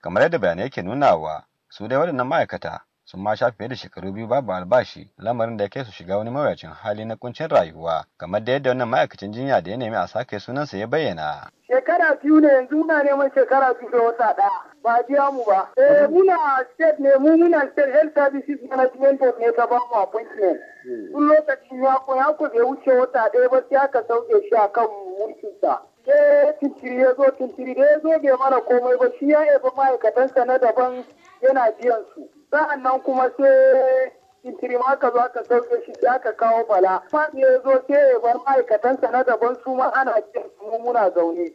kamar yadda bayanai ke nunawa su dai waɗannan ma'aikata sun ma shafe fiye da shekaru biyu babu albashi lamarin da ya ke su shiga wani mawuyacin hali na kuncin rayuwa kamar da yadda wannan ma'aikacin jinya da ya nemi a sake sunansa ya bayyana. shekara biyu ne yanzu na neman shekara biyu da wata ɗaya ba a biya mu ba. eh muna state ne mu muna state health services management board ne ta ba mu appointment. Hmm. tun lokacin ya ko ya ko bai wuce wata ɗaya ba sai aka sauke shi a kan mulkinsa. sai eh, tintiri ya zo tintiri da ya zo bai mana komai ba shi ya yabi ma'aikatansa na daban yana biyan su sa'an nan kuma sai tintiri ma aka zo aka sauke shi sai aka kawo bala ma ya zo sai ya bar ma'aikatansa na daban su ma ana biyan su mu muna zaune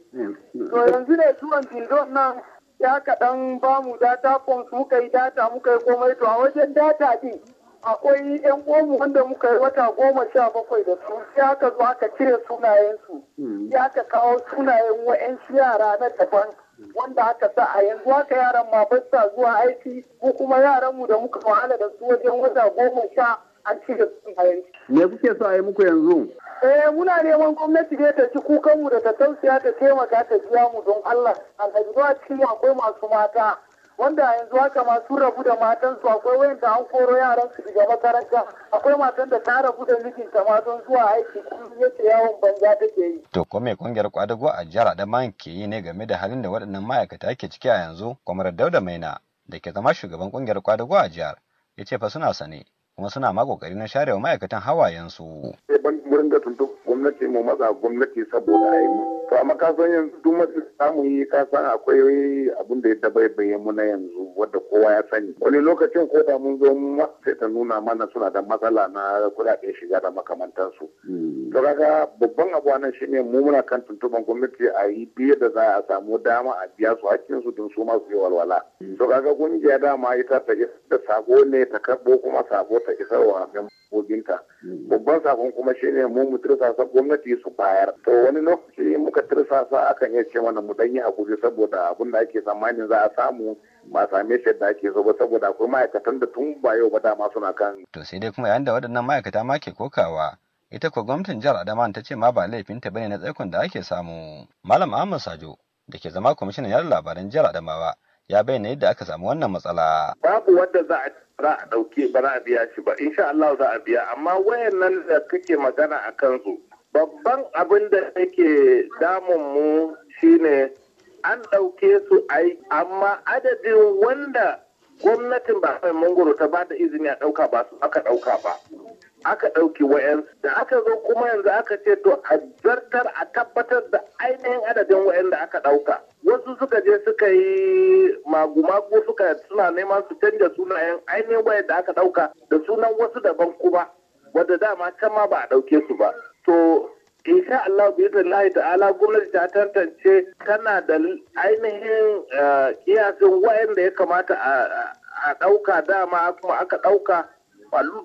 to yanzu ne zuwan bildon nan ya kaɗan ba mu data su muka yi data muka yi komai to a wajen data din akwai yan uwanmu wanda muka yi wata goma sha bakwai da su Ya ka zo aka cire sunayensu ya hmm. ka kawo sunayen wa'yansu yara na daban wanda aka sa a yanzu aka yaran ma ba sa zuwa aiki ko kuma yaranmu da muka wahala da su wajen wata goma sha an cire sunayen me kuke so a yi muku yanzu eh muna neman gwamnati ne ta ci kukanmu da ta tausaya ta taimaka ta biya mu don Allah alhaji ba cikin akwai masu mata wanda yanzu haka masu rabu da matansu akwai wayanda an koro yaran su daga makaranta akwai matan da ta rabu da mijinta ma don zuwa aiki kuma yace yawon banza take yi to ko me kungiyar kwadago a jihar Adamawa ke yi ne game da halin da waɗannan ma'aikata ke ciki a yanzu kamar Dauda Maina da ke zama shugaban kungiyar kwadago a jihar ya ce fa suna sane kuma suna ma kokari na sharewa ma'aikatan hawayensu. Sai ban murin da tuntu gwamnati mu matsa gwamnati saboda a yi mu. to amma ka san yanzu duk masu samu yi ka san akwai abin da ya dabaibaye mu muna yanzu wadda kowa ya sani wani lokacin ko da mun zo mu sai ta nuna mana suna da matsala na kudaden shiga da makamantansu hmm. to kaga babban abu nan shine mu muna kan tuntuban gwamnati a yi biye da za a samu dama a biya su hakkin su don su ma su yi walwala hmm. to kaga kungiya dama ita ta da sako ne ta karbo kuma sako ta isarwa membobinta hmm. babban sakon kuma shine mu mutum sa gwamnati su bayar to wani lokaci muka sa akan iya ce mana mu danyi hakuri saboda abun da ake tsammanin za a samu ba same shi da ake so saboda akwai ma'aikatan da tun ba yau ba dama suna kan. To sai dai kuma yayin da waɗannan ma'aikata ma ke kokawa ita ko gwamnatin jihar adama ta ce ma ba laifinta bane na tsaikon da ake samu. Malam Ahmad Sajo da ke zama kwamishinan yar labaran jihar Adamawa ya bayyana yadda aka samu wannan matsala. Babu wanda za a za a ɗauke ba za a biya shi ba insha Allah za a biya amma wayannan da kake magana a kansu babban abin da yake damun mu shine an ɗauke su ai amma adadin wanda gwamnatin ba mai mangoro ta ba da izini a ɗauka ba su aka ɗauka ba aka ɗauki wayan da aka zo kuma yanzu aka ce to a zartar a tabbatar da ainihin adadin wayan da aka ɗauka wasu suka je suka yi magu-magu suka suna neman su canja sunayen ainihin wayan da aka ɗauka da sunan wasu daban kuma wadda dama can ma ba a ɗauke su ba to insha Allah Allah ta'ala gwamnati ta tantance tana da ainihin eh, kiyasin wayanda ya kamata a ɗauka dama kuma aka ɗauka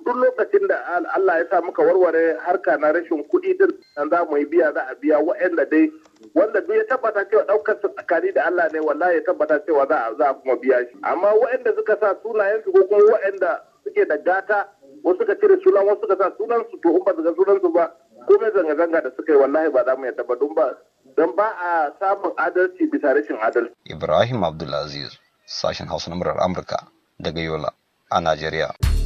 duk lokacin da Allah ya sa muka warware harka na rashin kuɗi din nan za mu yi biya za a biya wa'anda dai wanda duk ya tabbata cewa ɗaukar su tsakani da Allah ne wallahi ya tabbata cewa za a za a kuma biya shi amma wa'anda suka sa sunayen su ko kuma wa'anda suke da gata wasu suka cire sunan wasu suka sa sunan su to in ba su ga sunan su ba komai zanga-zanga da suka yi wallahi ba za mu yadda ba don ba don ba a samun adalci bisa rashin adalci. Ibrahim Abdulaziz, sashen Hausa na Amurka daga Yola a Najeriya.